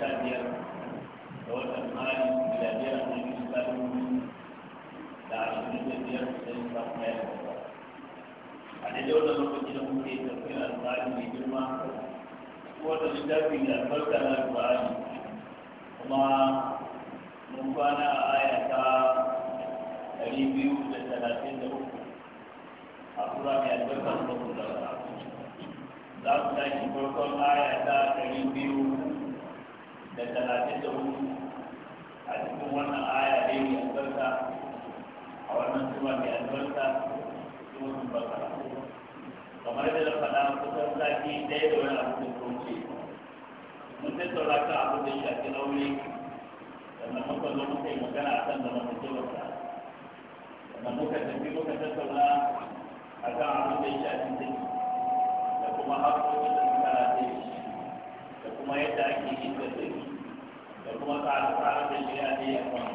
sha biyar da watan mali miladiyar annabi sallallahu alaihi da ashirin da biyar da ya kuma ya yi a daidai wannan lokaci da muke tafiyar alƙali mai girma wanda littafi da albarka na alƙali kuma mun kwana a aya ta ɗari biyu da talatin da uku a tura mai albarka da kuma za mu tashi farkon aya ta ɗari da talatin da hudu a cikin wannan aya ne mai albarka a wannan sura mai albarka surun bakara kamar da na faɗa kusan sati ɗaya da wani abu da kauce mun tattauna kan abu da shafi aure sannan muka zo muka yi magana a kan zamantakewar ta sannan muka tafi muka tattauna a kan abu da shafi take da kuma haƙoƙin da suka rataye da kuma yadda ake yin da take da kuma tsare-tsaren da shirya a yi a kan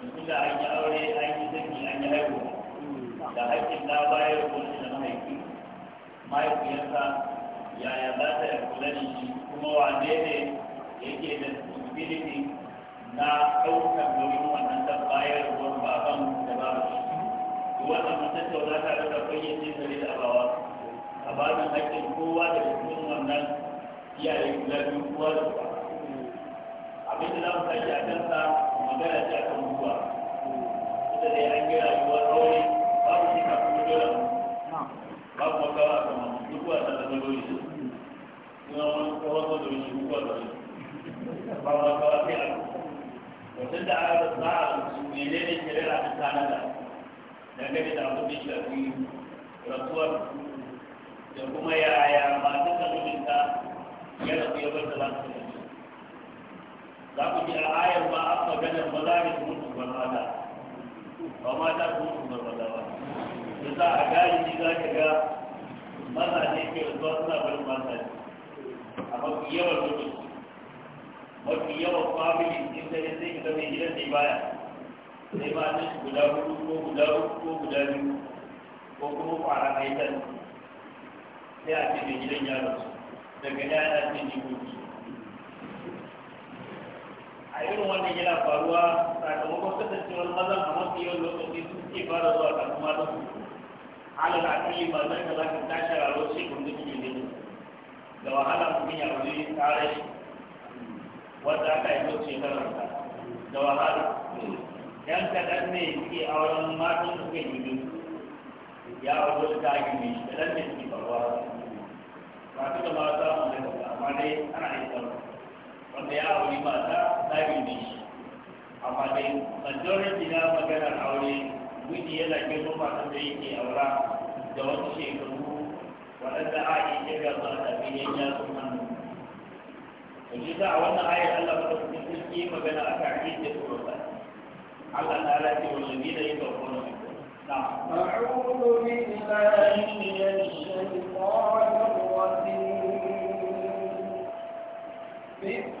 mutum da an yi aure an yi saki an yi haihuwa da haƙƙin na bayar wani da mahaifi mahaifiyarsa yaya za ta yi kula da shi kuma wane ne yake da responsibility na ɗaukar nauyin wannan da bayar wani baban da babu shi wannan mutum da ta da ta fayyace da da abawa a ba da haƙƙin kowa da cikin wannan iyaye guda biyu kowa da kowa abin da za mu a kansa magana ce akan mutuwa ita dai an yi rayuwar rauni babu shi kafin mu dole mu babu makawa a kama ta zama dole shi suna wani kawar da dole shi dole babu makawa sai a da aka za a mene ne dangane da rasuwar da kuma yaya masu za ku ji a ayar ba a maganar ba za ku mutu ba mata ba mata ku mutu ba mata ba da za a gari ne za ka ga maza mazaje ke zuwa suna barin mata ne a mafi yawan mutu mafi yawan family din da sai ka mai gidan ne baya sai ma ta guda hudu ko guda uku ko guda biyu ko kuma kwara haitar sai a ce mai gidan yaro daga ya ce ni mutu a irin wannan yana faruwa sakamakon kasancewar mazan a mafi yawan lokaci su suke fara zuwa kafin mata su halar akali ba zan ka za ka tashi raro ce kun duk ne da wahala mutum ya wuri tsare wanda aka yi zo shekarar ta da wahala yan kaɗan ne suke auren matan su yi gidi ya auro da ake mai shi kaɗan ne suke faruwa ba su da mata mu da amma dai ana yi wanda ya auri mata aure majorin na maganar aure miji yana girma matan da yake aura da wasu shekaru waɗanda a yi shirya ba a tafi ne ya sun hannu da shi ta a wannan ayar Allah ba su cikin magana a kan da tsoro ba Allah ta lafi wani bi da yi ba ko na أعوذ بالله من الشيطان الرجيم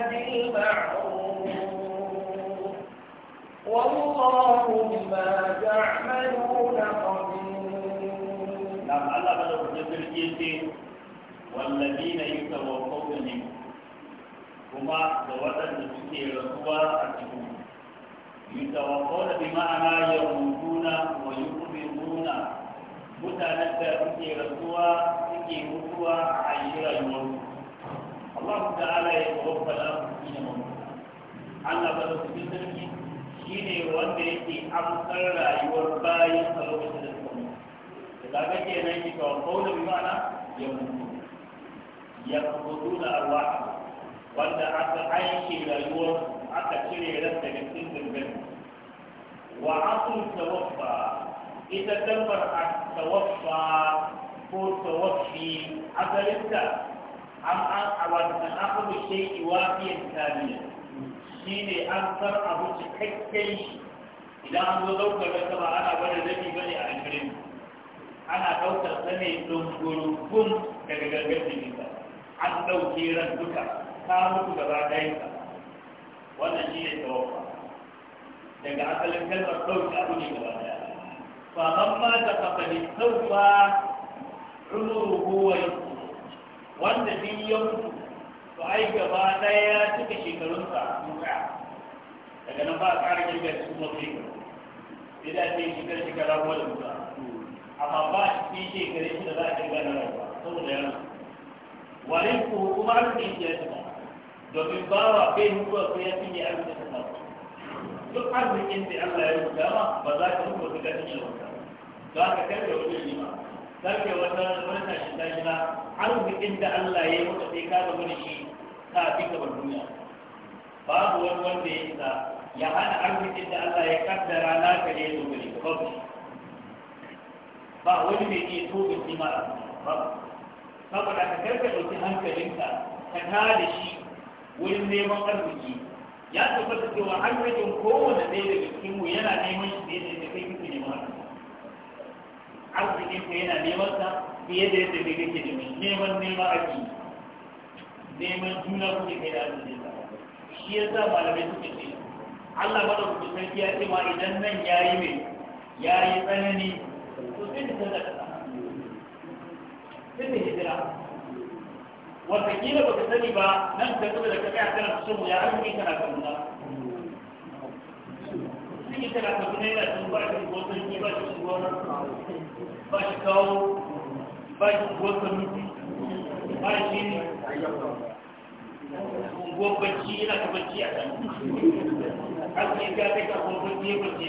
بالمعروف والله بما تعملون خبير نعم الله بدأ بالجزء والذين يتوفون منكم kuma da waɗanda suke rasuwa a cikin yutawaffauna bi ma'ana yarmutuna wa yuqbiruna mutanen da suke rasuwa suke mutuwa a yi rayuwarsu Allah ala ya tawaffal al-mu'mina mawta Allah ba da cikin sarki shine wanda yake amsar rayuwar bayan sa lokacin da suka mutu da zaga kenan ki tawaffal bi ma'ana ya mutu ya kubuduna arwaha wanda aka aiki rayuwar aka cire ran daga cikin zirgin wa asul tawaffa ita kalmar tawaffa ko tawaffi asalinta an an awata an abu shay'i wafiyan kamiya shine an san abu cikakken shi idan an zo daukar wata ba ana bada rabi bane a alfirin ana daukar sa ne dungurungun daga gangar jikinsa an dauke ran duka ta mutu gaba ɗayansa wannan shi ne tawaffa daga asalin kalmar dauke abu ne gaba ɗaya fa amma ta kafali tawaffa عمره ويصبح wanda biyu ya mutu to ai gaba ɗaya ya cika shekarunsa muka daga nan ba a ƙara girga su kuma shekaru sai da ce shekar shekara kuma da mutu amma ba a cikin shekaru shi da za a girga na rayuwa saboda yana wani ku kuma an ce shi ya cika domin bawa bai mutuwa sai ya ne an ta samu duk arzikin da Allah ya rubuta ba za ka mutu ka cinye ba za ka karya wajen jima'a. karfe wata wani tashi tashi har arzikin da Allah ya yi maka sai ka ga wani shi kafin ka bar duniya babu wani wanda ya isa ya hana arzikin da Allah ya kaddara ka ne zo gare ka babu ba wani mai ga tobin kima babu saboda ka karfe ɗauki hankalinka ka da shi wurin neman arziki ya tabbata cewa arzikin kowane ɗaya daga cikinmu yana neman shi ne da kai kike neman arziki arziki ku yana neman sa fiye da yadda kai kake neman neman neman aiki neman juna kuke kai da arziki shi ya sa malamai suka ce Allah ba da kuka sarki ya ce ma idan nan ya yi mai ya yi tsanani to sai da sallar ta sai da hijira wataƙila ba ka sani ba nan ka zuba da ka kai a kan su ya arziki kana kan shekara ta guda yana sun ba shi ruwan sarki ba shi ruwan ba shi kawo ba shi ruwan sarki ba shi unguwar bacci yana ta a kan aski ga kai ka kuma bacci ya bacci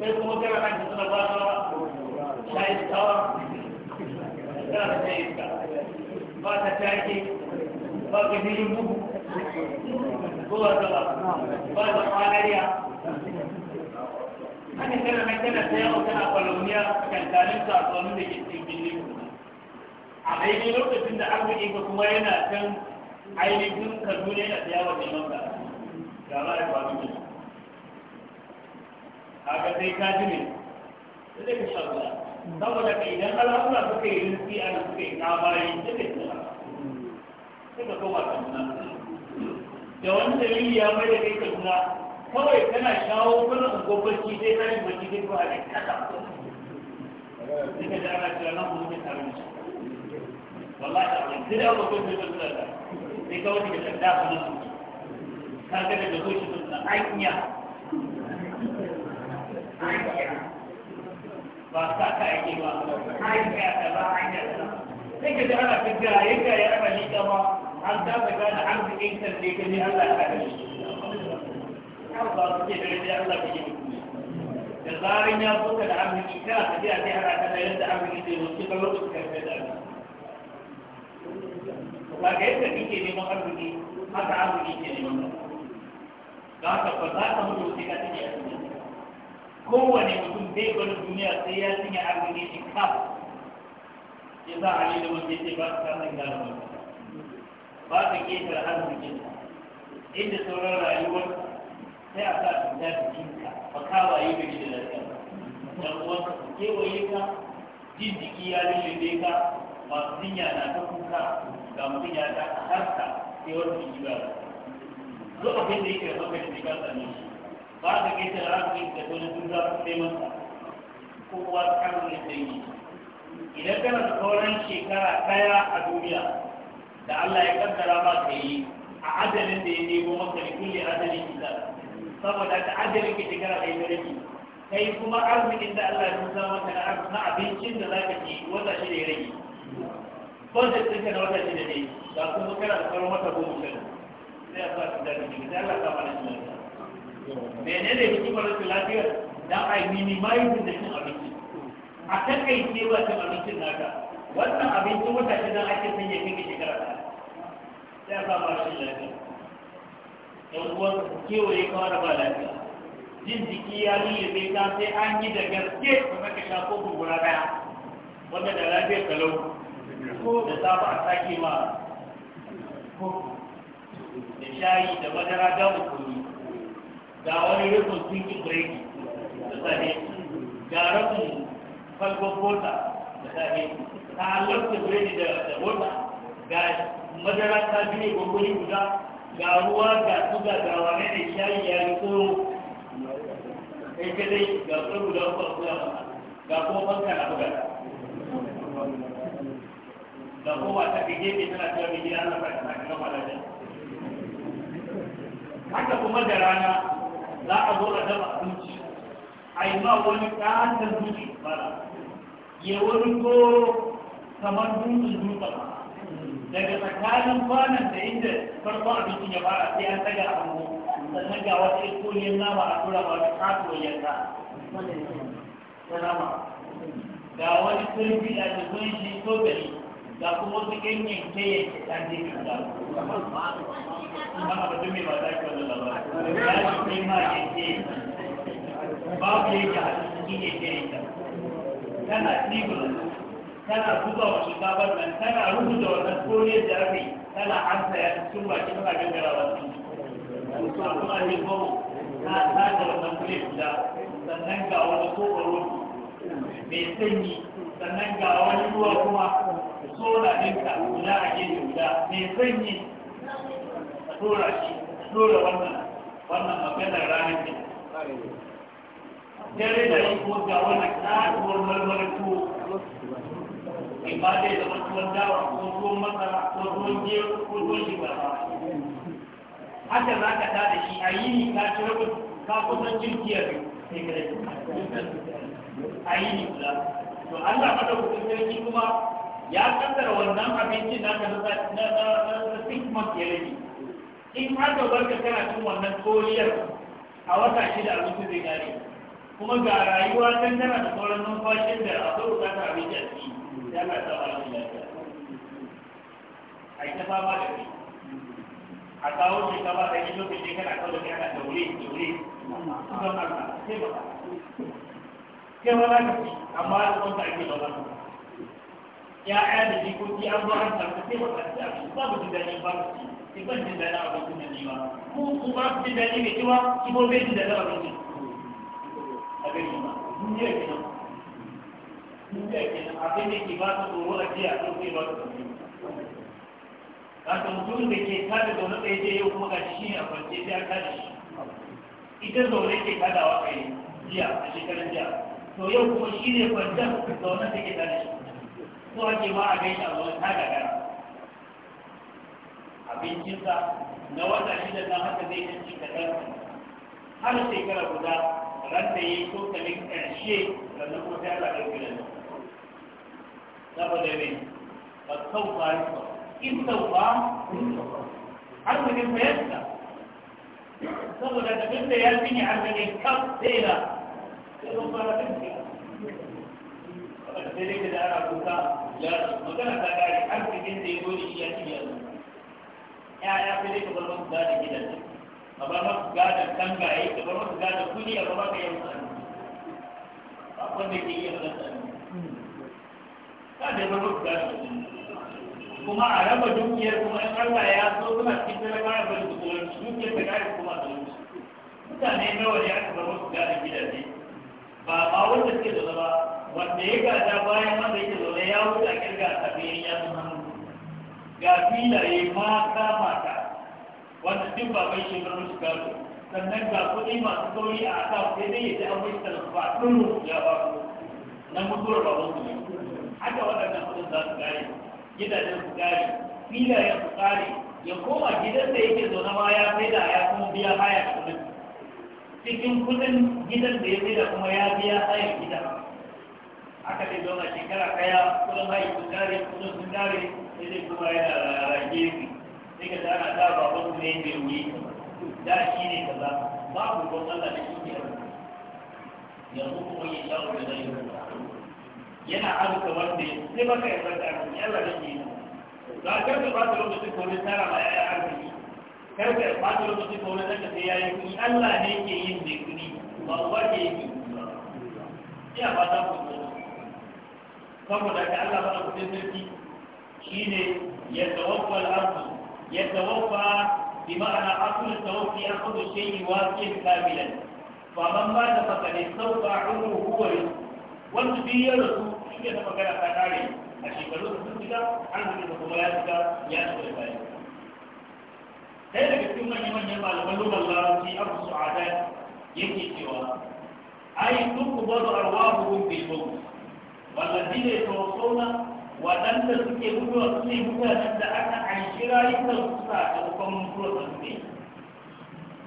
sai kuma kana kan ki suna ba ta shayi tawa ta yi ba ta ba ka filin bugu ko ba ba ba ta kwanariya kana ta yawo tana kwalomiya kan tarin kasuwannin da ke cikin birnin a daidai lokacin da arziki ba kuma yana can ainihin kaduna yana ta wa neman ka ga ba da kwanu ne ga sai ka ji ne sai ka shagula saboda ka idan al'amura suka yi rinsi a suka yi kabari sai ka tsira sai ka koma kaduna da wani dalili ya mai da kai kaduna kawai tana shawo kuna ungobarci sai ta yi mace zai ko a ne kasa sai ka ji ana cewa nan kuma zai tare da shi wallahi ta abin sai da aka kai sai wasu lalata sai kawai daga sanda a nan ka ga daga zo shi sun anya ba sa ka ake ba anya ta ba anya ta sai ka ji ana ta gaye gaye ana liƙa ba an ta gane arzikin sarki ka ne Allah ya haɗa shi hausa suke da sai Allah ke yi mutum da zarin ya zo da arziki kana tafiya sai ana kana yadda arziki zai zo cikin lokacin karfe da ba ga yadda kike neman arziki haka arziki ke neman ka ga haka ba za ka mutu sai ka tafi arziki kowane mutum bai gwada duniya sai ya cinye arziki shi kaf ya za a yi da wanda ba su kasa gida da wanda ba su ƙetare arzikin inda sauran rayuwar sai a sa cuta jikinka ba kawaye gari da lafiya ba. dan uwanka ku kewaye ka jin jiki ya lullube ka masu jinya na ta kuka ga mutum ya ta harka sai wani jiki ba lokacin da yake da maka jiki ta same shi ba ka kai ta rafi da wani duka sai masa ko kuwa kan wani sai idan kana da sauran shekara ɗaya a duniya da Allah ya kaddara ba ka yi a adalin da ya nemo maka da kulle adalin kisa saboda ta ajalin ke shekara da da rabi kai kuma arzikin da Allah ya nuna maka na abincin da za ka ci wata shi da ya rage budget ɗinka na wata shi da ne ba kuma kana da sauran wata goma shan sai a sa ka da rabi sai Allah ka mana shi ne menene hikimar rashin lafiya da ai minimizing da shi abinci a takaice ba ta abincin naka wannan abincin wata shi da ake sanya kai shekara ɗaya sai a sa ma rashin lafiya yan uwan su kewaye kawar da ba lafiya jin jiki ya zai ta sai an yi da gaske kuma maka shafo ko gungura daya wanda da lafiyar kalau ko da safa a sake ma ko da shayi da madara ga mutumi ga wani rikon sinki breki da safe ga rufin falgon bota da safe ta halarta biredi da bota ga madara ta bine gwangwani guda ga ruwa ga tuga ga wane ne shayi ya yi tsoro kai da ga tsoro da kuma kuma ga kuma fanka na buga ga kowa ta ka gefe tana cewa mai gida na fata na gaba da haka kuma da rana za a zo a dafa abinci a yi ma wani ƙatar zuci ba ya wani ko kamar dutsen ba. daga tsakanin kwanan da inda farko abincin ya fara sai an taga hannu sannan ga wata iskoliyar nama a tura ba da kasuwar yanka ta nama ga wani turbi a jikin shi ko gari ga kuma wasu ganyen kayan ta je kan da amma ba dumi ba za ki wani labarai ya ji kai ma yanke babu yake a cikin yake yanka tana tibula tana zuba wa shinkafar nan tana rubuta wannan kone da aka tana amsa ya cikin baki tana gangara ba su su a kuma ne gomo na tada wannan kule guda sannan ga wani kokoro mai sanyi sannan ga wani ruwa kuma sola ɗinka guda a gefe guda mai sanyi a tora shi tora wannan wannan maganar ranar ne dare da yi kuma ga wannan ƙatuwar marmarin tuwo in ba zai zama tuwon dawa ko tuwon masara ko tuwon gero ko tuwon shinkafa haka za ka tada shi a yi ni ka ci rabin ka kusan cin kiyar sai ka rage a yi ni kula to Allah madaukakin sarki kuma ya kaddara wannan abincin na ka na na six months ya rage in har da barka kana cin wannan toliyar a wata shida abinci zai gare kuma ga rayuwa can tana da sauran numfashin da akwai bukatar abinci a ciki ya ga saba da lafiya a yi ta fama da kai a kawo shi ka ba ta shi lokaci kana kawo da kai ana daure daure don Allah sai ba sai ba za ka ci amma da ta ake ba za ka ya'ya da jikoki an zo an samu sai ba ka ci abinci babu jin daɗin ba ka ci ban jin daɗin abincin da ni ba mu ba su jin daɗi mai kiwa kibo bai jin daɗin abincin gani ba duniya da ke ba jiya don ba ta mutum da ke tsaye je yau kuma gashi shi a kwance sai an shi ita zaune ke tadawa kai jiya a shekaran jiya to yau kuma shi ne kwancen zaune ta ke tada shi to ake ma a gaishe a zaune tada gara abincinsa na wata shida na haka zai ci kaɗan har shekara guda ran da ya yi totalin ƙarshe sannan kuma sai Allah ɗauki da nan saboda ne ba sau ba yi ba in sau ba arzikin sayarsa saboda da duk da ya cinye arzikin kaf sai na sai sun fara ɗin ke sai dai da ana kuka ya magana ta ƙari arzikin da ya gode shi ya cinye arzikin ya ya sai dai ka bar masu da gidan a ma maka gadon tangaye a bar maka gadon kuli a bar maka yan sani ba wanda ke a maka da kuma a raba dukiyar kuma in Allah ya so suna cikin talaka ya bari su kuma dukiyar ta kare kuma da wuce mutane nawa ne aka bar maka gadon gidaje ba ba wanda suke zaune ba wanda ya gada bayan wanda yake zaune ya wuce a kirga a sabiyin ya sun hannu ga filaye mata mata wanda duk ba bai shi bar gado sannan ga kuɗi masu sauri a ta sai dai ya ji an bai talfa ɗin ya ba na mutuwar baban su ne haka waɗannan kuɗin za su gane gidajen su fila filayen su gane ya koma gidan da yake zaune ma ya sai da ya kuma biya haya kuɗin cikin kuɗin gidan da ya sai da kuma ya biya haya gida. aka dai zauna shekara kaya kudin haya sun dare kudin sun da sai dai kuma yana rage sai ka tana ta baban ne bai wuri da shi ne kaza babu don Allah da shi ke yanzu kuma ya sha wani zai yana azuka wanda sai baka yi zaka arziki Allah da shi ne za ka ka ba ta lokaci ko ne tara ma yaya arziki kar ka ba ta lokaci ko ne zaka sai yayi kuɗi Allah ne ke yin da kuni ba uwa ke yi ina ba ta ku saboda ka Allah ba ku sai sarki shine ya tawakkal يتوفى بمعنى عقل التوفي أخذ الشيء واسيا كاملا فمن مات فقد استوفى عمره هو وانت بي يرسو شو كيف فكرة فاتعلي أشي فلوس سنتك عنه كيف فضلاتك يأتي بالفعل هذا كتب من يمن يمع لبلوم الله في أبو سعادة يكي سوا أي تنك بضع أرواحهم بالموت والذين يتوصون waɗanda suke mutuwa su ne mutanen da aka aishi rayuwar su sakamakon mutuwa su ne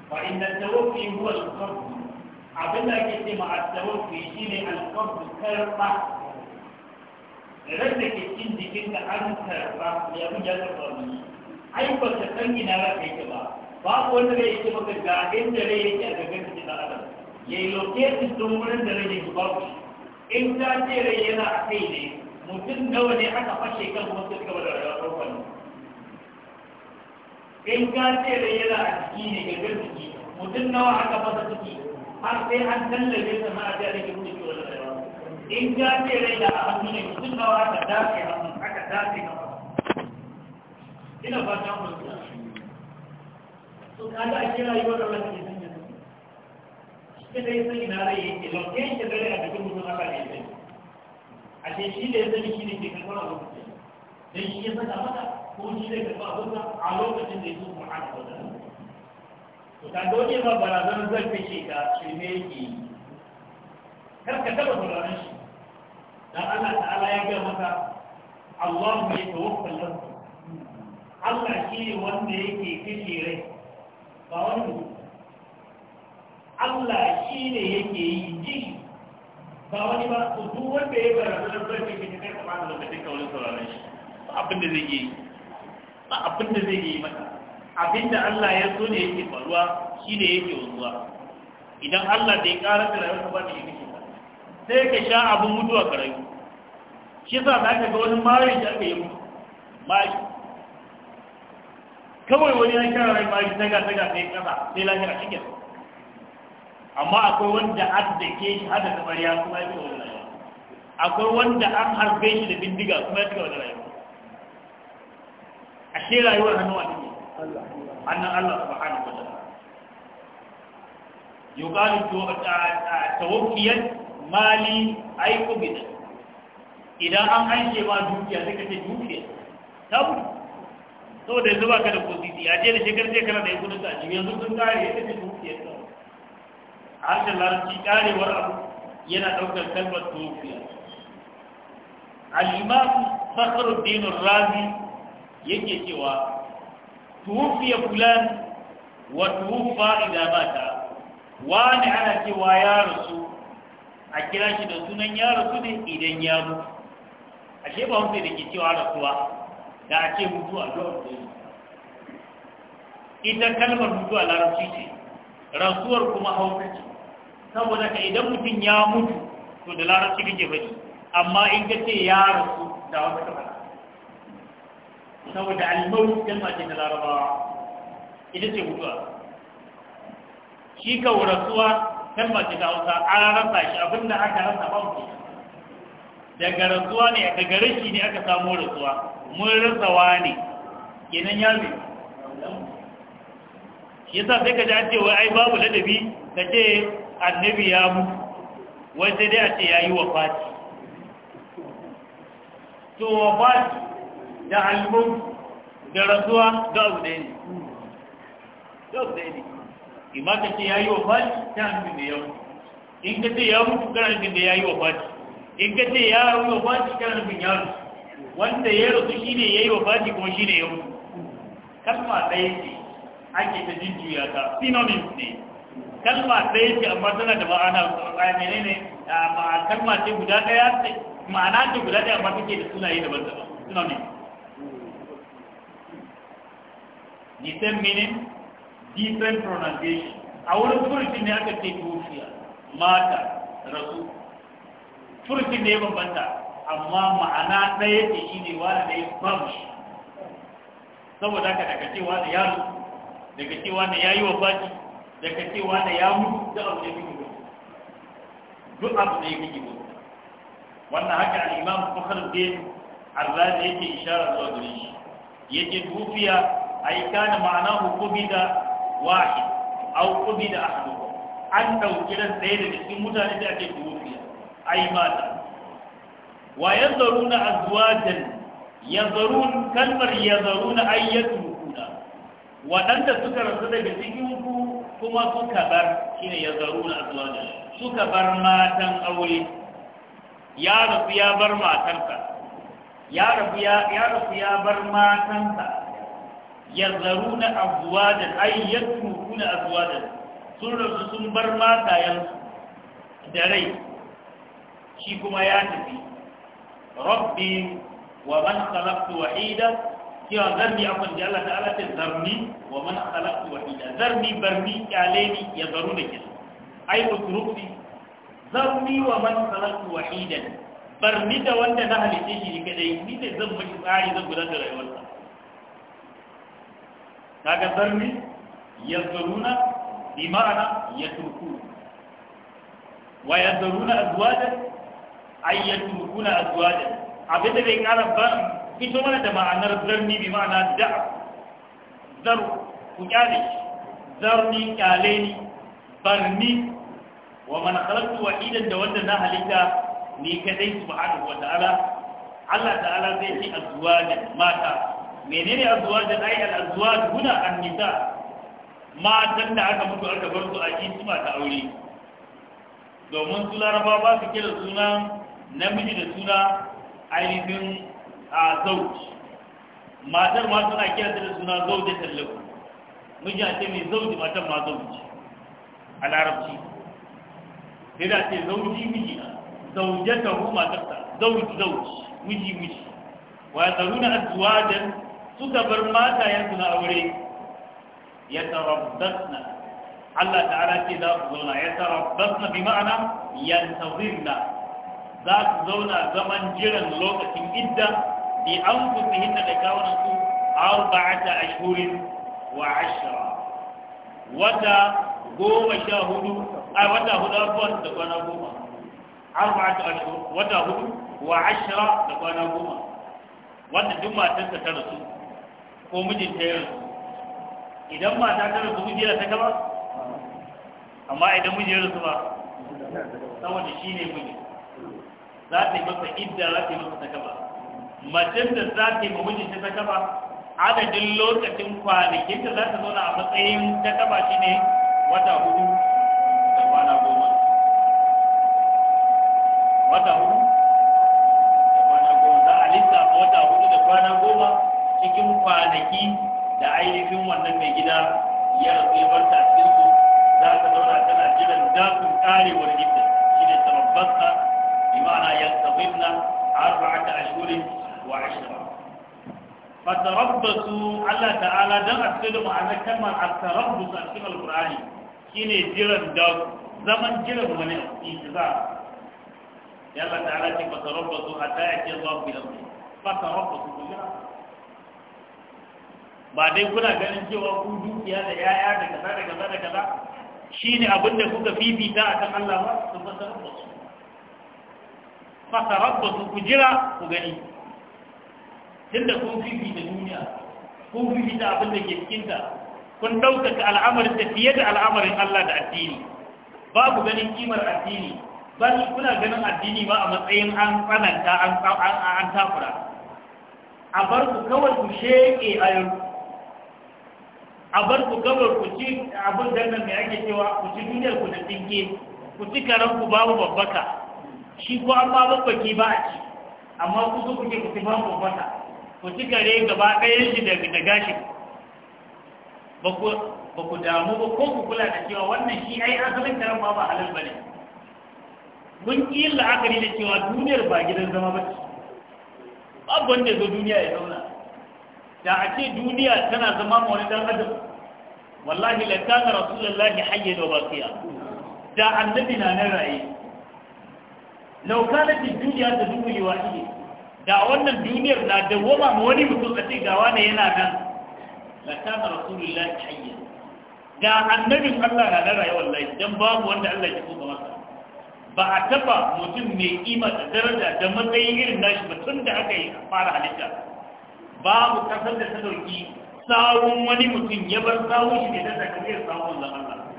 fa inda tawafi huwa al-qabr abin da ake ce ma at-tawafi shine al-qabr karba ran da ke cin jikin da an karba ya bi ya karba mu ai ba ta san ina ra kai ba Ba babu wanda zai yi maka ga inda rai yake a gaban cikin adam yayi lokacin dumurin da rai yake babu in ta ce rai yana a kai ne mutum da ne aka fashe kan kuma suka gaba da rayuwar kwanu in ka ce da yana a jiki ne gangar jiki mutum nawa aka fasa ciki har sai an tallabe sa a ajiya da ke kuma ciwo da rayuwa in ka ce da yana a hannu ne mutum nawa aka dace hannu aka dace hannu ina ba ta mutu su ka ga kira rayuwar da wani ne sun yi shi ka dai sai na rai yake lokacin da dare a cikin mutum aka ne a ce shi da ya sani shi ne ke karɓar abin da shi ya faɗa mata ko shi zai karɓar abin a lokacin da ya so kuma hana wata to ta dole ma barazanar zai kashe ka shirme yake yi kar ka taɓa sauraron shi dan Allah ta'ala ya ga maka Allah ya tawakkal lakum Allah shi ne wanda yake kashe rai ba wani mutum Allah shi ne yake yi jiki. ba wani ba su wanda ya bayar da zai ke kai ka da lokacin ka wani sauraron shi ba abin da zai yi ba abin da zai yi mata abin da Allah ya so ne yake faruwa shi shine yake wanzuwa idan Allah da ya ƙara da rayuwar ba da yi miki ba sai ka sha abin mutuwa ka rayu shi sa za ka ga wani mayu da aka yi mutu mayu kawai wani ya kira rai mayu daga daga sai kasa sai lafiya cikin amma akwai wanda an ke shi hada bariya kuma ya fi wani rayuwa akwai wanda an harbe shi da bindiga kuma ya fi wani rayuwa a shi rayuwar hannuwa ne annan Allah subhanahu wa ta'ala yuqalu tawakkiyan mali aiko gida idan an aike ma dukiya zai kace dukiya tabu saboda yanzu ka da kositi a je da shekar je kana da yanzu da yanzu sun kare ya kace dukiya harshen larabci karewar abu yana ɗaukar kalmar tofiya al'imamu sakharuddin razi yake cewa tuwufiya fulan wa tuwufa idabata. wani ana cewa ya rasu a kira shi da sunan ya rasu ne idan ya mutu ashe ba mutu da ke cewa rasuwa da a ce mutu a zuwa mutu ita kalmar mutu a larabci ce rasuwar kuma hauka ce saboda ka idan mutum ya mutu to da larabci ke faɗi amma in ka ce ya rasu da wata ka saboda saboda don ma ce da larabawa ita ce mutuwa shi ka rasuwa ma ce da hausa an rasa shi abinda aka rasa ba mutu daga rasuwa ne daga rashi ne aka samu rasuwa mun rasawa ne kenan ya zai yasa sai ka ji an ce wai ai babu ladabi ka ce annabi ya mutu wanda dai a ce ya yi fati to fati da almun da rasuwa da abu da yi imata ce ya yi fati ta hannu da ya in ka ce ya mutu kana da ya yi fati in ka ce ya yi wafati kana nufin ya rusu wanda ya rasu shi ne ya yi fati kuma shi ne ya mutu kalma ɗaya ce ake ta jujjuya ta synonyms ne kalma ɗaya ce amma tana da ma'ana a menene ah, a kalma ce guda ɗaya ce ma'ana ce guda ɗaya amma take da sunaye daban daban suna ne different meaning different pronunciation a wurin furucin ne aka ce tufiya mata rasu furucin ne ya bambanta amma ma'ana ɗaya ce shi ne wani da ya babu shi saboda haka daga cewa da yaro daga cewa da ya yi wa baki da ka ce wani ya mutu da abu da kake mutu duk abu da kake mutu wannan haka al-imam Fakhruddin Arrazi yake isharar zuwa gare shi yake dufiya ai kana ma'anahu qubida wahid aw qubida ahaduhum an ɗauki ran ɗaya daga cikin mutane da ake A yi mata wa ya zaru na yanzuruna Ya zaru kalmar ya zaru na ayyatu kuna Waɗanda suka rasu daga cikin ku kuma suka bar shine ya zaru na azwaja suka bar matan aure ya rabu ya bar matansa ya rabu ya ya rabu ya bar matansa ya zaru na azwaja ay yatruku na azwaja sun rasu sun bar matayen da rai shi kuma ya tafi rabbi wa man khalaqtu wahida cewa zarni akwai da Allah ta'ala ce zarni wa man khalaqtu wahida zarni barni kaleni ya zaru da kin ai utrufi zarni wa man khalaqtu wahidan barni da wanda na halice shi ne kadai ni ne zan mashi tsari zan gudanar da rayuwarsa kaga zarni yazruna bi ma'ana yatruku wa yazruna azwajan ay yatrukuna azwajan abinda bai kara fito mana da ma'anar zarni bi ma'ana da zar ku kyale zarni kyale ni barni wa man khalaqtu wahidan da wanda na halitta ni kadai subhanahu wa Allah ta'ala zai yi azwajan mata menene azwajan ai al azwaj huna an nisa matan da aka mutu aka bar su a isma ta aure domin su laraba ba su kira suna namiji da suna ainihin a zauj matar ma suna kiyarta da suna zauj da tallafu miji a ce mai zauj matar ma zauj a larabci sai da ce zauji miji ta hu matarsa zauj zauj miji miji wa ya na tsaruna da suka bar mata matayensu na aure ya na. Allah ta'ala ce za ku zauna ya na bi ma'ana na. za ku zauna zaman jiran lokacin idda fi anfusihinna da kawunan su arba'ata ashhurin wa ashra wata goma sha hudu a wata hudu abuwan da kwana goma arba'ata ashhur wata hudu da kwana goma wanda duk matarsa ta rasu ko mijinta ya rasu idan mata ta rasu mijiyar ta gaba amma idan mijiyar ba saboda shi ne yi masa idda za ta yi masa macen da za ta yi mamiji ta ta kaba adadin lokacin kwanakin da za ta zauna a matsayin ta kaba shi ne wata hudu da kwana goma wata hudu da kwana goma za a lissafa wata hudu da kwana goma cikin kwanaki da ainihin wannan mai gida ya rasu ya barta a cikin su za ta zauna tana jiran dafin karewar idda shi ne tarabbarsa bi ma'ana yantabibna arba'ata ashhurin wa ashirin Allah ta'ala don a cikin ma'anar kalmar a tarabba su a cikin alkurani shi ne jiran da zaman jiran wani ijiza ya Allah ta'ala ce fata rabba su a tsaye a ce zuwa fi lamu fata rabba su kuma ba dai kuna ganin cewa ku dukiya da yaya da kaza da kaza da kaza shi abinda kuka fifita a kan Allah ba su fata rabba fata rabba ku jira ku gani tunda kun da duniya kun da abin da ke cikinta kun ɗaukaka al'amarin ta fiye da al'amarin Allah da addini babu ganin kimar addini bal kuna ganin addini ba a matsayin an tsananta an takura a bar ku kawar ku sheƙe a yau a bar ku kawar ku ci abin da nan mai ake cewa ku ci duniyar ku da tsinke ku ci karen ku babu babbaka shi ko an ba babbaki ba a ci amma ku zo ku ke ku ci babu babbaka ku ci gare gaba ɗayan shi da gashi ba ku damu ba ko ku kula da cewa wannan shi ai asalin karan ba ba halin ba ne mun ƙi yin la'akari da cewa duniyar ba gidan zama ba ce babu da zo duniya ya zauna da a ce duniya tana zama ma wani dan adam wallahi la kana rasulullahi hayya da baqiya da annabi na nan raye law kanat ad-dunya tadum li wahid da wannan duniyar na dawoma ma wani mutum a ce gawa ne yana nan la kana rasulullahi hayya da annabin Allah na nan rayuwar dan babu wanda Allah ya kuma masa ba a taba mutum mai kima da daraja da matsayin irin nashi mutum da aka yi fara halitta babu kasar da ta dauki sawun wani mutum ya bar sawun shi ne da takariyar sawun Allah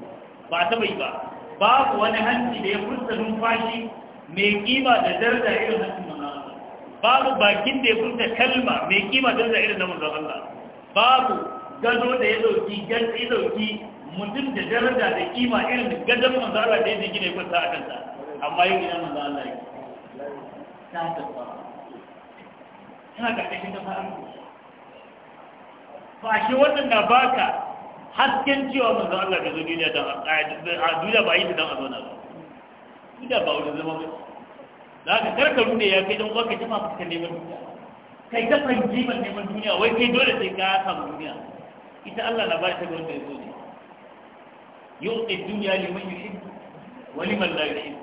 ba a bai yi ba babu wani hanci da ya furta numfashi mai kima da daraja irin hanci babu bakin da ya furta kalma mai kima don da irin na manzon Allah babu gado da ya dauki gantsi dauki mutum da daraja da kima irin gadon manzon Allah da ya gina ya kwanta a kansa amma yau ina manzon Allah yake ta tafa tana karkashin ta fara ba shi wannan na baka hasken cewa manzon Allah da zo duniya don a duniya ba yi da don a zo na ba duniya ba wani zama ba da ka karkaru ne ya kai don uwa kai jama fuskar neman duniya kai ta san kimar neman duniya wai kai dole sai ka samu duniya ita Allah na ba ta gwamnati ya zo ne yau ɗin duniya liman shi wani man la yushin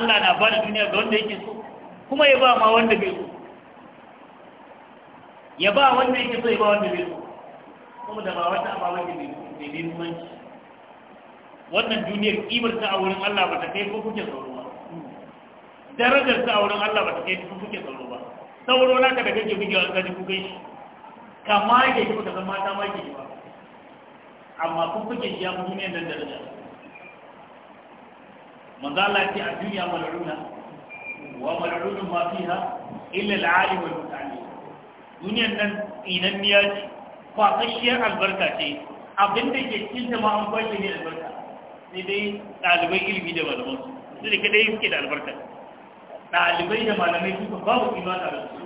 Allah na ba da duniya ga wanda yake so kuma ya ba ma wanda bai so ya ba wanda yake so ya ba wanda bai so kuma da ba wata ba wanda bai so bai muhimmanci wannan duniyar kimar ta a wurin Allah ba ta kai ko kuke tsoro darajar sa wurin Allah ba ta kai ku kuke tsaro ba sauro naka da kake bugewa an gani ku kai shi kama yake ki baka san mata ma ke ba amma kun kuke shi ya duniya nan daraja manzo Allah ya ce a duniya mal'una wa mal'unun ma fiha illa al-alim wal muta'allim duniyan nan ni niya ce kwasasshiyar albarka ce Abinda ke cikin ta ma an kwashe ne albarka sai dai ɗalibai ilimi da malamansu su da kadai suke da albarka ɗalibai da malamai suka ba babu imani a rasu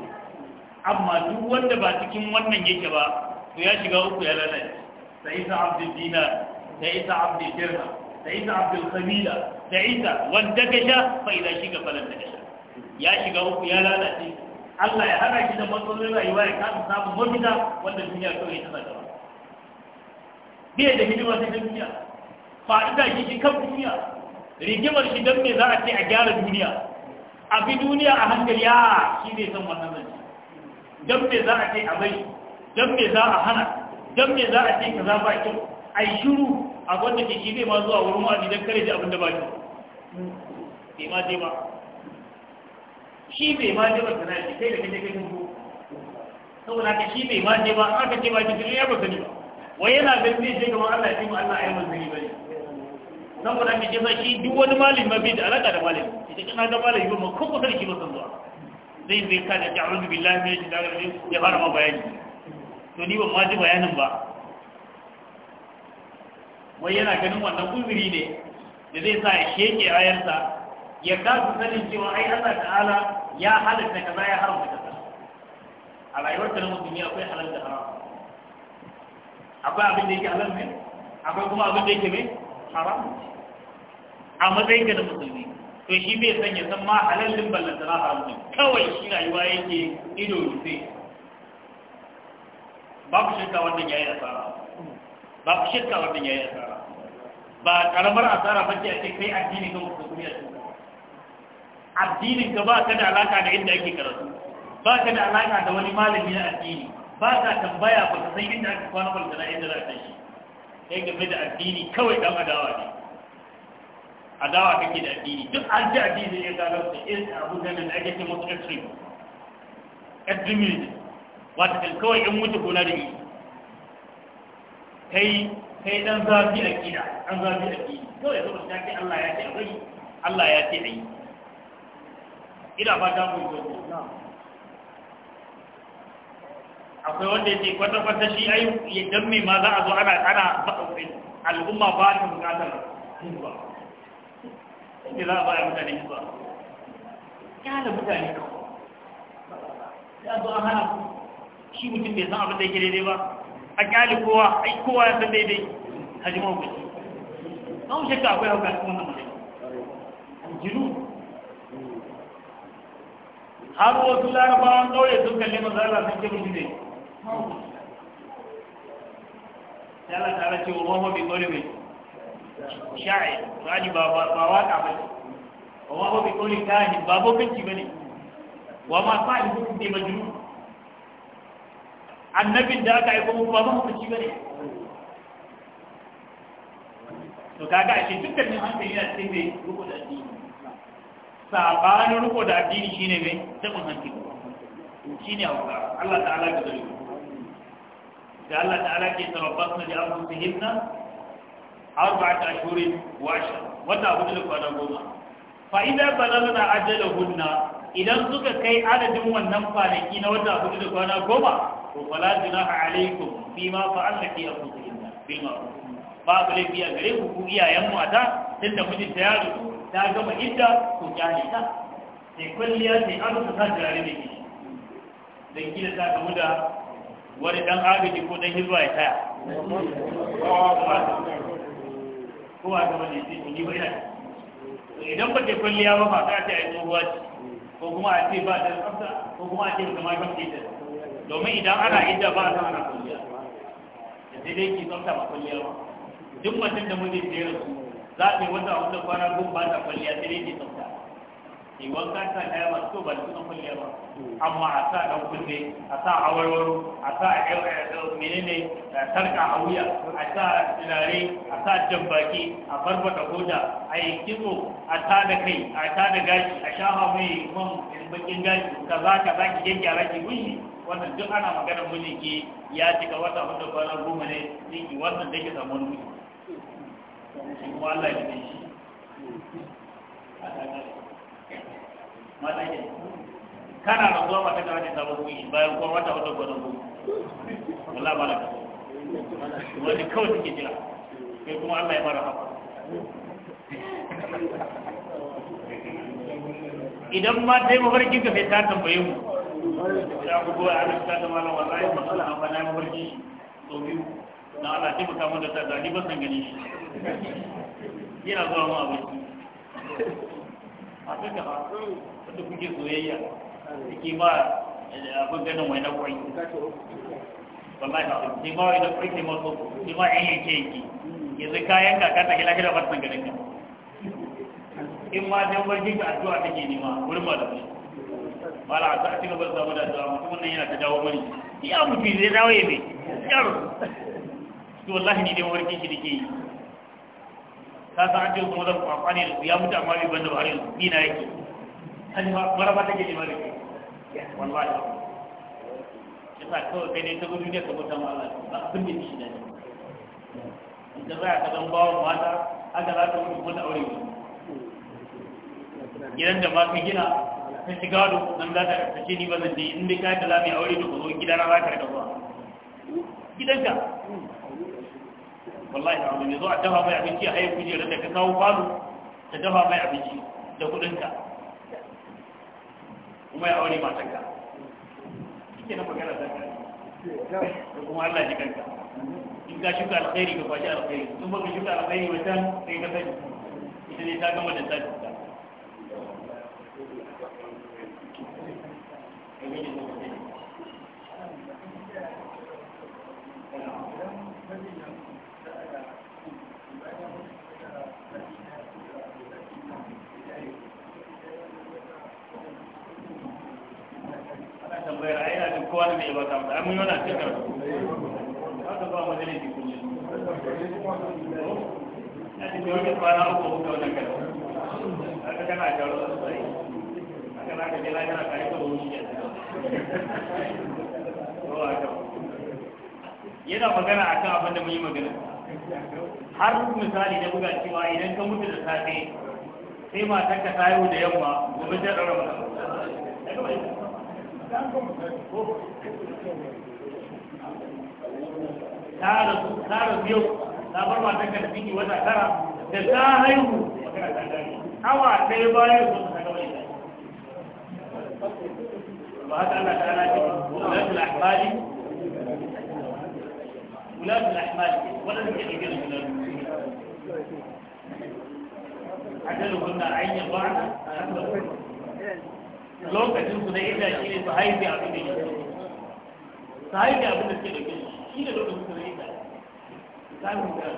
amma duk wanda ba cikin wannan yake ba to ya shiga uku ya lalace da isa abdul dinar da isa abdul dirham da isa abdul khabila da isa wanda ga sha bai da shiga falan da sha ya shiga uku ya lalace Allah ya hada shi da matsalolin rayuwa ya kasa samun mafita wanda duniya kawai tana gaba bai da hidima ta duniya fa'ida shi kan duniya rigimar shi dan me za a ce a gyara duniya a bi duniya a hankali ya shi ne san wannan zai don me za a ce a bai don me za a hana don me za a ce ka za ba kyau a yi shiru a wanda ke shi zai ma zuwa wurin ne don kare da abin da ba kyau bai ma je ba shi bai ma je ba sana shi kai da kaje kai kun saboda ka shi bai ma je ba aka ce ba jikin ya ba sani ba wai yana ganin zai je gaban Allah ya ce ma Allah ayyukan ba ne? saboda ake jefa shi duk wani malin ma bai da alaƙa da malin ita kina ga malin ba ma ko kusa da shi ba san zuwa zai zai ka da ta'awudu billahi min shaitanir ya fara ma bayani to ni ba ma ji bayanin ba wai yana ganin wannan uzuri ne da zai sa ya sheke ayarsa ya kasu sanin cewa ai Allah ta'ala ya halatta kaza ya haramta kaza a rayuwar ta na musulmi akwai halal da haram akwai abin da yake halal ne akwai kuma abin da yake mai haram ne a matsayin ka musulmi to shi bai san ya san ma halallin ballanta na haramun kawai shi rayuwa yake ido rufe babu shirka wannan yayi asara babu shirka wannan yayi asara ba karamar asara ba ce a ce kai addini ga musulmi a cikin addinin ka ba ka da alaka da inda ake karatu ba ka da alaka da wani malami na addini ba ka tambaya ba ka san inda aka kwana ballanta na inda za ta shi kai game da addini kawai dan adawa ne adawa kake da addini duk an ji addini ya gano da irin abu da nan ake ce musu extreme ne wata kan kawai in mutu kuna da yi kai kai dan zafi a kida dan zafi a kida kawai saboda ta kai Allah ya ce a bari Allah ya ce a yi ina ba ta mu yi akwai wanda ya ce kwata-kwata shi ayu ya dan me ma za a zo ana ana al'umma ba ta bukatar hizba inda za a baya mutane hizba kyala mutane kawai sai a zo an hana shi mutum bai san abin da yake daidai ba a kyali kowa a yi kowa ya san daidai a ma mahaukaci na wuce ka akwai hauka cikin wannan mutum aljiru har wasu larabawan ƙauye sun kalli ma zara sun ce mutum ne ya lantara ce wa mahaukacin ƙauye mai sha'ir qur'ani ba ba waka ba wa ma huwa bi qawli kahin ba bokanci bane wa ma sa'ibu bi majnun annabin da aka aika muku ba mahaukaci bane to kaga ashe dukkanin hankali yana cikin mai ruko da addini sabanin ruko da addini shine mai tabin hankali shine hauka Allah ta'ala ga zai da Allah ta'ala ke sarrafa su da abubuwan hinna arba'at ashhurin wa ashr wannan da kwana goma idan balagna idan suka kai adadin wannan kwanaki na wata abu da kwana goma to fala junaha alaikum fima fa'alna fi babu laifi a gare ku ku iyayen mata tunda mijinta ya yaro ta gama idda ku kyale ta sai kwalliya sai an su sa jari da ke don gina ta gamu da wani dan agaji ko dan hizuwa ya taya ko ba ga bane sai ni bai da idan ba ta kwalliya ba ba ta a yi ruwa ko kuma a ce ba da tsafta ko kuma a ce ba ma ba ta domin idan ana idda ba ta ana kwalliya da sai dai ki tsafta ba kwalliya ba duk mutum da mutum tsere ya za ta yi wata wata kwana gun ba ta kwalliya sai dai ki tsafta ki wanka ta yi masu kyau ba da sunan kwalliya ba amma a sa ɗan kunne a sa a warwaro a sa menene sarka a wuya a sa tunare a sa jambaki a farfata hoda a yi kitso a ta da kai a ta da gashi a hau mai man bakin gashi ka za ki gyara ki wuyi wannan duk ana maganar ke ya cika wata hudu bana goma ne ki wannan da ke samu wani Allah ya ne shi mata ke kana rantsuwa ta ka ta sabon kuɗi bayan kuma wata wata gwanon kuɗi wala ba da wani kawai suke jira sai kuma Allah ya mara haka idan ma dai mafarkin ka sai ta tambaye mu da ku a nan ta ta zama lawa zai matsala amma na mafarki sau biyu na Allah ce muka mun da ta zani ba san gani yana zuwa mu abinci masu gaba wanda kuke soyayya suke ba eh, abin ganin wani kwai wallahi ba ke ma wani kwai ke masu ke ma yan yanke yanke yanzu kayan kaka ta gila gida masu ganin ka in ma jan barci ka addu'a take nema wurin malamai mala a sa'a cigaba da samu da addu'a mutumin nan yana ta dawo mani ya mutu zai dawo ya mai yaro to wallahi ni dai warkin shi da ke yi ta san an ce kuma zan kwakwa ne da ya mutu amma bai banda ba har yanzu ni na yake hali ba, take ne mara ke wallahi ya sa kawai kai ne ta gudu ne ka mutu ma Allah ba abin da shi ne da za ka zan bawa mata haka za ka mutu wani aure gidan da ma ka gina ta shiga da nan za ta ta ni ba zan je in bai ka yi da za mu yi aure da ku zo gidana ba ka rika zuwa gidanka wallahi da wani zo a dafa mai abinci a haye kujerar da ka kawo kwano ta dafa mai abinci da kudinka kuma ya aure matanka shike na magana da ka da kuma Allah ji kanka in ka shuka alkhairi ka kwashi alkhairi in ba ka shuka alkhairi ba can sai ka sani ita ne ta gama da sani ta Thank you. kowa da mai baka mata mun yana cikin karatu haka ba mu dalili kullum ya ce yau kwana uku uku wannan a haka kana jaro da sai haka na ka je lafiya kare ka wuri ya yana magana akan abin da mun yi magana har misali na buga cewa idan ka mutu da safe sai matar ka tayo da yamma gobe ta ɗaura mata ta rasu yau ta bar mata kan wata tara da ta haihu awa ɗaya bayan su ta gaba ita ba haka Allah ta ala ce wulatul ahmali wulatul ahmali wadanda ke ɗauke da wulatul ajalu kunna ayyan ba'da lokacin su na illa shi ne su haifi abin da ya su haifi abin da suke da gani shi ne lokacin su na illa samun da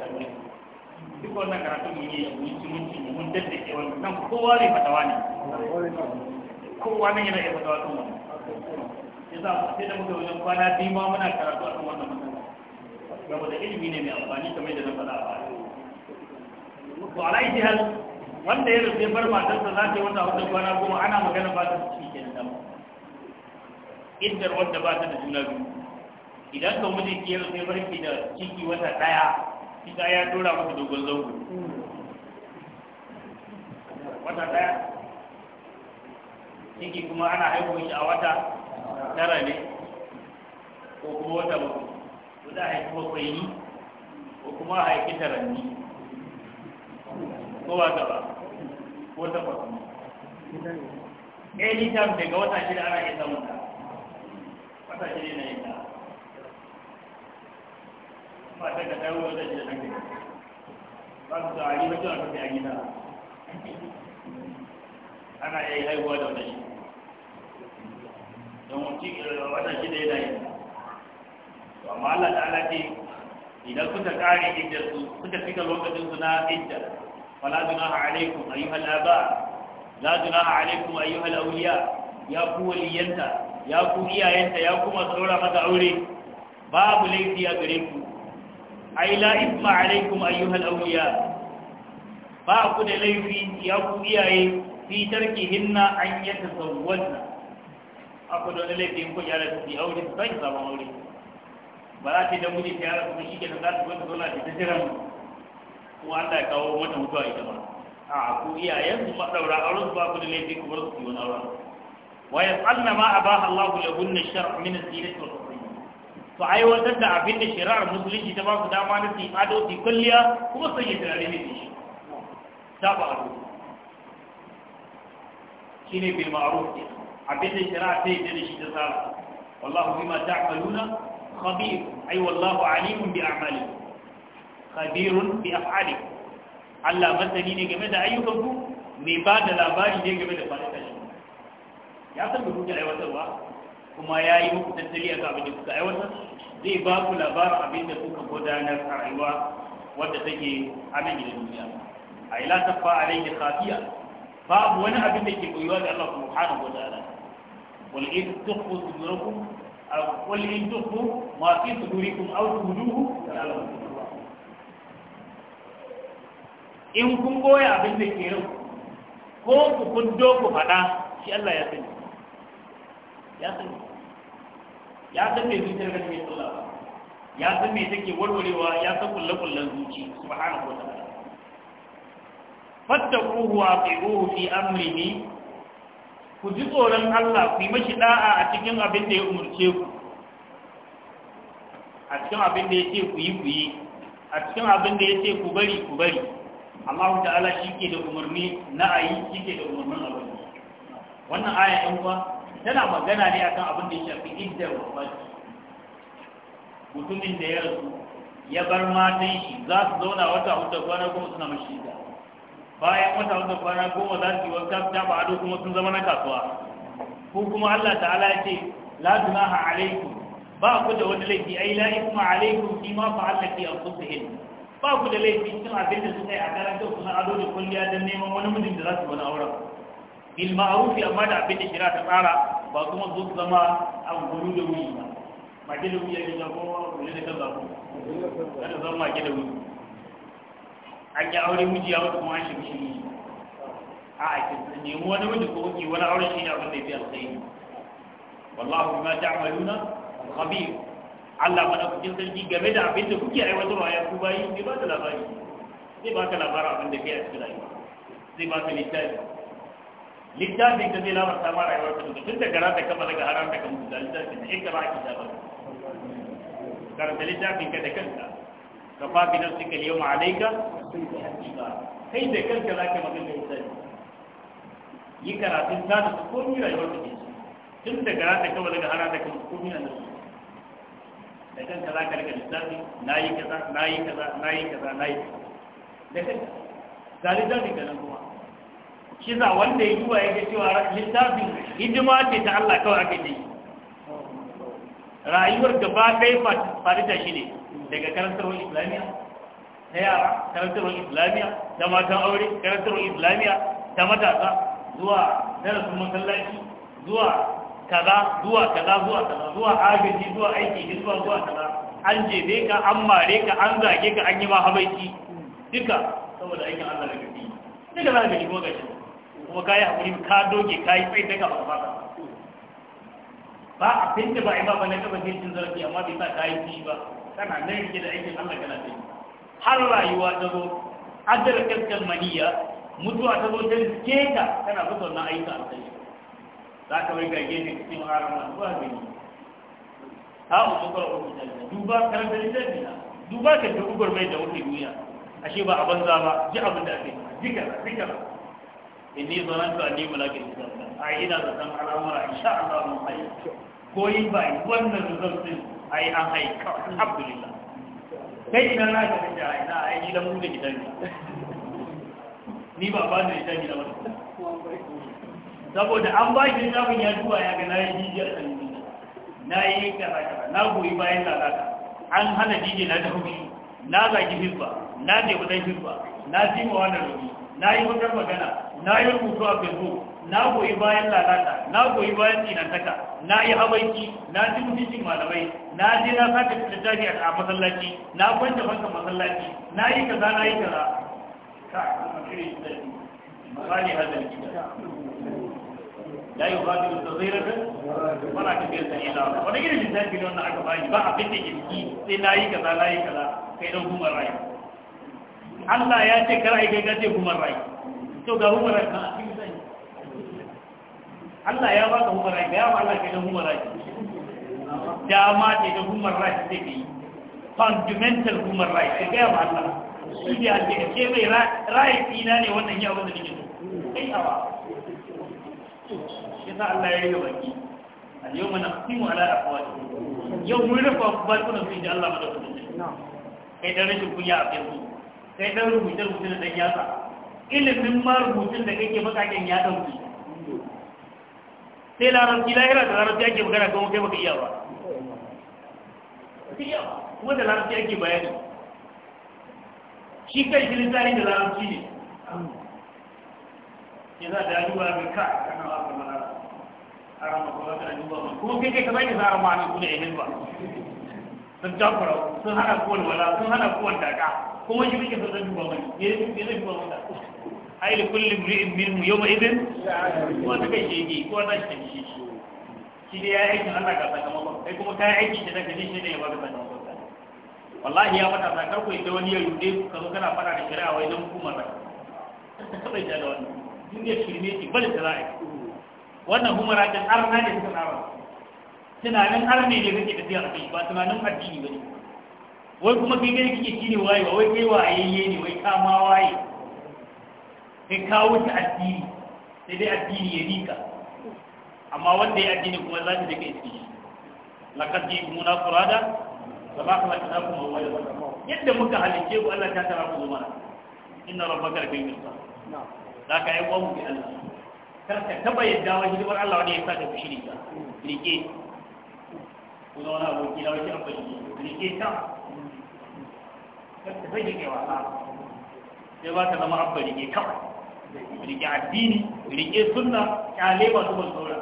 duk wannan karatu mun yi mun ci mun ci mun dadda ke wannan kan kowa ne fatawa ne kowa nan yana iya fatawa kan wannan yasa sai da muka wajen kwana biyu ma muna karatu a wannan matsala saboda ilimi ne mai amfani kamar da na faɗa a baya ko ala ijtihad wanda ya rufe bar matarsa za ta yi wata wata kwana goma ana magana ba ta ciki ke da iddar wanda ba ta da juna biyu idan ka miji ki ya rufe ki da ciki wata daya kika ya dora maka dogon zango wata daya ciki kuma ana haihuwa shi a wata tara ne ko kuma wata bakwai ko da haifi bakwai ni ko kuma haifi taranni ko wata ba ko takwas ne eh, anytime daga wata shida ana iya samun ta wata shida na yin ta ba ta ka tawo wata shida na ba su tsari ba cewa ta a gina, ana yi haihuwa da wata shida don eh, wata shida yana yin ta to amma Allah ta'ala ce idan suka kare iddar su suka fita lokacin su na iddar فلا جناح عليكم أيها الآباء لا جناح عليكم أيها الأولياء يا قوة لينتا يا قوة إياينتا يا قوة صورة مدى أولي باب ليس يا قريبكم أي لا إثم عليكم أيها الأولياء باب ليس يا قوة إياي في تركهن أن يتزوجن أقول أن ليس يمكن يا في أولي فإن صابوا أولي ba za ta yi da muni ta yara kuma shi ke da za su gwada zola ta jiran mu kuma Allah kawo mata mutuwa ita ma a ku iyayen su madaura auren su ba ku da laifi ku bar su yi wani wa ya yasalna ma abaha Allah gunna shar'u min az-zinati wal su aiwatar da abin da shari'ar musulunci ta ba ku dama na su ado ti kulliya kuma sun yi turare ne shi ta ba ado shi bil ma'ruf abin da shari'a ta yi da shi ta sala wallahu bima ta'maluna khabir ay wallahu alimun bi a'malikum khabirun bi af'ali Allah masani ne game da ayyukan ku mai ba da labari ne game da fadaka ya san da kuke aiwatarwa kuma ya yi muku tattali a abin da kuka aiwatar zai ba ku labarin abin da kuka gudanar a rayuwa wadda take amin da duniya a ila tafa alayhi khafiya babu wani abin da ke koyuwa da Allah subhanahu wa ta'ala wal in tukhfu sudurakum aw qul in ma fi sudurikum aw in kun goya abin da ke yau ko ku kundo ku faɗa shi Allah ya sani ya sani ya san mai zuciyar da mai tsalla ba ya san mai take warwarewa ya san kullakullan zuci subhanahu wa ta'ala fattaquhu wa atiquhu fi amrihi ku ji tsoron Allah ku yi mashi da'a a cikin abin da ya umurce ku a cikin abin da ya ce ku yi ku yi a cikin abin da ya ce ku bari ku bari Allah Ala shi ke da umarni na a yi shi ke da umarnin abin wannan aya ɗin ba tana magana ne akan abin da ya shafi iddar wafati mutumin da ya rasu ya bar matan shi za su zauna wata hudu kwana kuma suna mashi da bayan wata hudu kwana goma za su yi wanka ta ba ado kuma sun zama na kasuwa ko kuma Allah ta'ala ya ce la tunaha alaikum ba ku da wani laifi ai la isma alaikum fi ma fa'alna fi anfusihin ba ku da laifi cin abin da suka yi a karan kyau kuma ado da kulliya don neman wani mijin da za su wani auren bil ma'rufi amma da abin da kira ta tsara ba kuma zo zama a guru da wuri ba mage da wuri ya ga ko wuri da kan zaku kada zama mage da wuri an yi aure miji ya mutu kuma an shiga shi a a kin nemi wani miji ko kuke wani auren shi ne abin da ya fi alkhairi wallahu bima ta'maluna khabir Allah madaukakin sarki game da abin da kuke aiwatarwa ya ku bayi zai ba da labari zai ba ka labarin abin da ke a cikin rayuwa zai ba ka littafi littafin da zai labarta ma rayuwar ka duka tun daga ranar kama daga haram da kamar da littafin da ka ki da baka karanta littafi ka da kanka ka fa bi nafsika yau alayka kai da kanka za zaka magana littafi yi karatun ta da komai rayuwar ka tun daga ranar kama daga haram da kamar na nan da kanka za ka rika lissafi na yi kaza na yi kaza na yi kaza na yi da kanka ga lissafi ga nan kuma shi wanda ya duba ya ga cewa lissafin hidima ce ta Allah kawai ake yi rayuwar gaba ɗaya farita shi ne daga karantarwar islamiyya ta yara karantarwar islamiyya ta matan aure karantarwar islamiyya ta matasa zuwa darasin masallaci zuwa kaza zuwa kaza zuwa kaza zuwa agaji zuwa aiki zuwa zuwa kaza an jebe ka an mare ka an zage ka an yi ma habaiki duka saboda aikin Allah da gaji duka za ka yi kuma gashi kuma kai yi haƙuri ka doge ka yi tsaye daga ba ba ba a finta ba a yi ba ba na kaba cin zarafi amma bai sa ka yi fi ba kana nan rike da aikin Allah kana tsaye har rayuwa ta zo adar kaskan maniya mutuwa ta zo ta ka kana zuwa na aika a tsaye za ka wai gage ne cikin na zuwa ne ha uku kwar uku jami'a duba karanta littafi na duba ka ta ugar mai da wuce duniya ashe ba a banza ba ji abin da ake jika jika in ni zanantu ka nemi lafi da a ina da san al'amura in sha Allah mun haye ko yi ba yi wannan result din a yi an haye kawai alhamdulillah kai ina na ka kace a ina a yi gidan mu da gidan ni ba ba da gidan gidan wani saboda an ba shi littafin ya duba ya ga na yi jijiyar sanyi na yi kaza na goyi bayan lalata an hana jiji na da haushi na zagi hizba na je wajen hizba na ji ma wannan rubi na yi wajen magana na yi rubutu a facebook na goyi bayan lalata na goyi bayan tsinantaka na yi habaiki na ji mutuncin malamai na je na sake littafi a masallaci na kwanta fanka masallaci na yi kaza na yi kaza ka a kuma kiri da misali gida la yughadiru saghiratan wala kabiratan illa ahsaha wani irin lissafi ne wannan aka da kirki sai nayi kaza nayi kaza kai dan human right Allah ya ce kar ai kai ka ce human right to ga human right na Allah ya baka human right ya ba Allah kai da fundamental human right ga ba Allah shi ne ake ce mai right ina ne wannan yawon da nake so kai awa yasa Allah ya yi baki al mana kimu ala a kawai yau mun rufa kuna fi inda Allah madaukakin kai dan rashin kunya a kai su kai dan rubuce rubuce da dan yasa ilimin ma rubutun da kake bakaken ya dauki sai larabci lahira da larabci ake magana kan kai maka iyawa ba kuma da larabci ake bayani shi kai shi lissani da larabci ne ke za da yaduwa mai ka kana wa kamar arama ko ka duba ba kuma kai kai ka bai za arama nan kuma ehin ba sun jafara sun hana ko wala sun hana ko daka kuma shi kike sun duba ba ne ne zai duba ba ai li kulli mri'in minhum yawma idin ko ta kai shi ko ta shi shi shi dai ya aiki Allah ka sakamakon kai kuma ta kai aiki ta kai kaje shi ne ya ba baka sakamakon wallahi ya fata ta ku idan wani ya yude ku kazo kana fara da shari'a wai dan hukumar ta bai da wannan duniya shirme ce bal ta za'a wannan humara din arna ne suka tsara tunanin arne ne kake tafiya a kai ba tunanin addini ba ne wai kuma kai gani kike shine ba? wai kai wayayye ne wai ka ma waye kai ka wuce addini sai dai addini ya rika amma wanda ya addini kuma za ta dake iske shi ji muna furada wa ma khalaqnakum awwala yadda muka halice ku Allah ta tara ku zuma inna rabbaka labil mirsad da ka yi wa mu bi Allah kar ka taba yadda wa hidimar Allah wani ya sa ka fushi ka rike ko da wani aboki na wani abu rike ta kar ka fage kai wasa sai ba ka zama abba rike kawai rike addini rike sunna kyale masu ban saura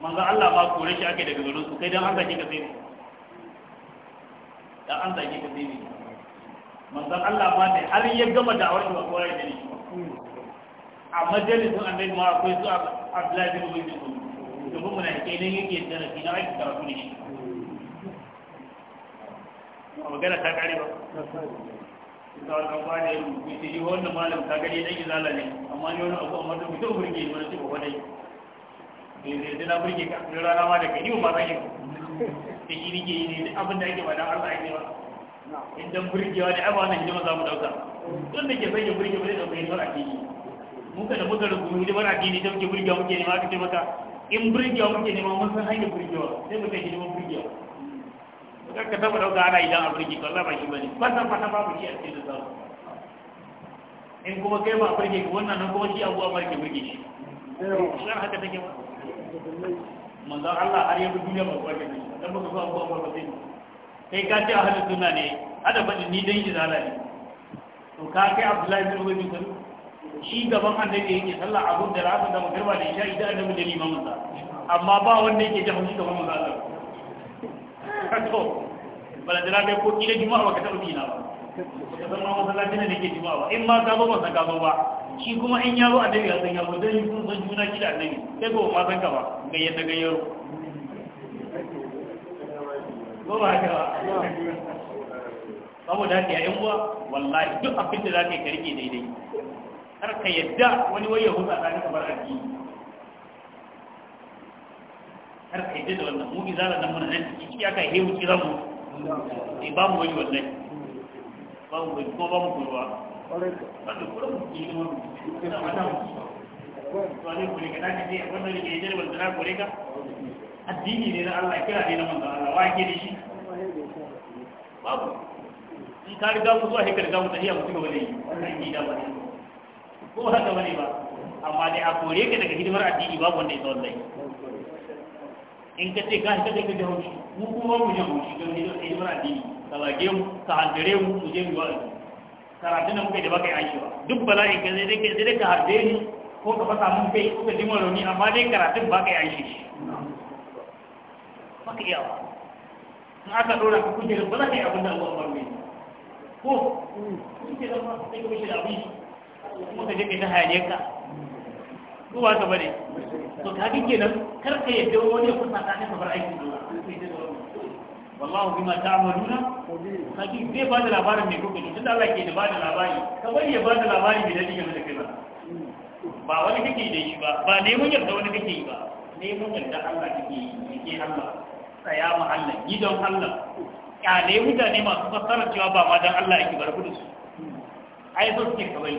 manzo Allah ma kore shi ake daga garin su kai dan an zage ka sai ne dan an zage ka sai ne manzo Allah ma da har ya gama da'awar shi ba kowa ya dani shi a majalisun annabi ma akwai su abdullahi bin ubaydu to mun na munafiki nan yake da rafi na aiki karatu ne shi a magana ta kare ba ta wani ba da yin ce yi wannan malam ta gani dan izala ne amma ni wani abu amma da mutum burge ne wani cikin wadai da zai na burge ka ne rana ma da gani ba zan yi da shi nike yi ne abin da ake ba da Allah ne ba idan burgewa ne ai ba wannan hidima za mu dauka don da ke sanya burge ba da dauka hidimar addini muka da muka rubu hidimar addini ta muke burgewa muke nema aka ce maka in burgewa muke nema mun san hanyar burgewa sai muka yi neman burgewa ka ka taba dauka ana idan a burge Allah ba shi bane fasa fasa babu shi a cikin da in kuma kai ba burge ka wannan nan kuma shi abuwa barke burge shi shar haka take ba manzo Allah har yanzu duniya ba barke ne dan baka so abuwa barke sai kai ka ce ahlus sunna ne hada bani ni dan izala ne to ka kai Abdullahi bin Ubay bin Salul shi gaban annabi yake sallah abun da rafa da magarba da isha idan annabi da liman sa amma ba wanda yake jahon shi gaban manzo Allah to bala da rafa ko kila juma'a ba ka taɓa na ba ka san ma masallaci ne ke juma'a ba in ma ka ba san ka zo ba shi kuma in ya zo annabi ya san ya zo dan yi kun san juna kila annabi sai ko ma san ka ba gayyata gayyaro ko ba ka ba saboda haka ya yan uwa wallahi duk abin da za ka yi ka rike daidai har ka yadda wani waye hutu a kamar addini har ka yadda da wannan mu izala nan muna nan ciki aka yi mu kira mu eh ba mu wani wannan ba mu ko ba mu kulwa ba da ki mu ina mata mu to ne ka wannan ne ke wannan ka ne na Allah kira ne na manzo Allah wa ke shi babu in ka riga mu zuwa he ka mu tahiya mu ci gaba da yi wannan ba ko haka bane ba amma dai a kore ka daga hidimar addini ba wanda ya tsawon zai in ka ce ka shi kada ka ji mu kuma mu ji don hidimar addini ka zage mu ka hantare mu mu je mu yi wa'azi karatun da muka yi da baka yi shi ba duk bala'i ka zai dai zai ka harbe ni ko ka fasa mun kai ko ka ji maroni amma dai karatun baka yi aishi shi baka iya ba in aka dora ka kujerar ba za ka yi abin da Allah ba ko kun ce zama sai ka mishi da abin kuma ka je ta hayaniyar ka ko ba ka bane to ka ga nan kar ka yadda wani ya kusa ne ka bar aikin bima ta'maluna zai ba da labarin kuka ne tunda Allah ke da ba da labari ka bari ya ba da labari da kai ba ba wani da shi ba ba neman yarda wani yi ba neman yarda Allah yi ke Allah tsaya ma Allah Allah mutane masu fassara cewa ba ma dan Allah yake bar kudu su ai so suke kawai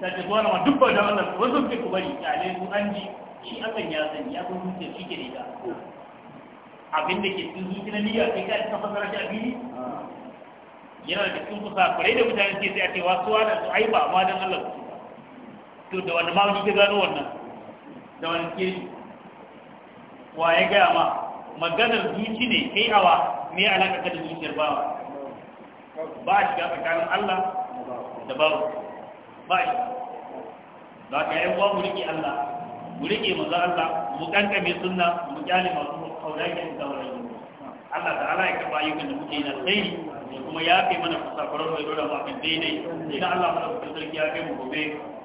ta ce zuwa nama duk ba da Allah wasu ke ku bari kyale su an ji shi Allah ya sani ya san zuciya shi ke da ita abin da ke cikin zuciya na niyya sai ka ta fasara shi a fili yana da cikin kusa kurai da mutane ke sai a ce wasu wani su ai ba ma dan Allah to da wani ma wani ka gano wannan da wani ke wa ya gaya ma maganar zuci ne kai awa me alaka da zuciyar bawa ba a shiga tsakanin Allah da bawa ba shi za ka yi uwa mu riƙe Allah mu riƙe maza Allah mu kankame suna, mu kyale masu kaurayen da wurare Allah ta ala ya kafa ayyukan da muke na tsayi da kuma ya kai mana kusakurar mai dora ma kan daidai idan Allah mana kusa sarki ya kai mu gobe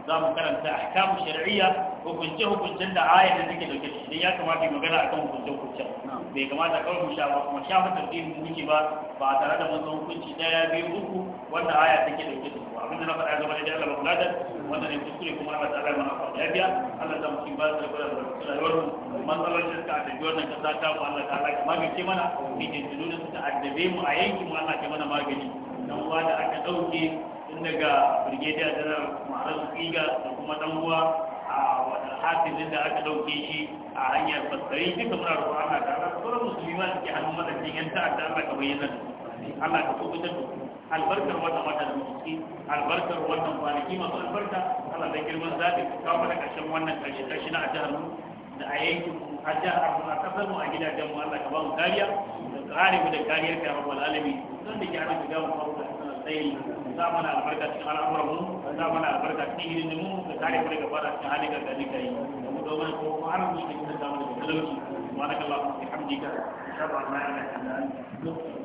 za mu karanta ahkamu shari'a, hukunce hukuncen da aya da take dauke da idan ya kamata magana akan hukunce hukuncen bai kamata kawai mu sha ba kuma sha fa tafsirin muke ba ba tare da mun hukunci daya biyu uku wanda aya take dauke da su abin da na faɗa game da Allah muladan wanda ne kuskure kuma Allah ta'ala mana ya biya, Allah ta mutum ba da gura da rayuwar mu ka da suka addabi wannan kasa ta mu Allah ta'ala ke mana ni ke da ta addabe mu a yanki mu Allah ke mana magani dan uwa da aka dauke tun daga brigadier general Muhammad Kiga da kuma dan uwa a wani hasilin da aka dauke shi a hanyar fassari duka muna roƙon Allah ko sauran musulmi ma suke hannun madadin yan ta'adda Allah ka bayyana Allah ka kubutar da albarkar wannan watan muke albarkar wannan kwanaki masu albarka Allah da girman zaɓi kawo mana ƙarshen wannan ƙarshe ƙarshe na ajihar mu da a yankin mu a jihar mu a ƙasar mu a gidajen mu Allah ka ba mu kariya da kare mu da kariyar ka rabbal alamin don da ke hana shiga mu kawo da tsayi za mu na albarka cikin al'amuran mu za mu na albarka cikin hidimin mu da kare mu daga fara cikin halin gargaɗi kai da mu domin ko kuma har mu da kuma samu da talauci subhanakallahumma bihamdika ashhadu an la ilaha illa anta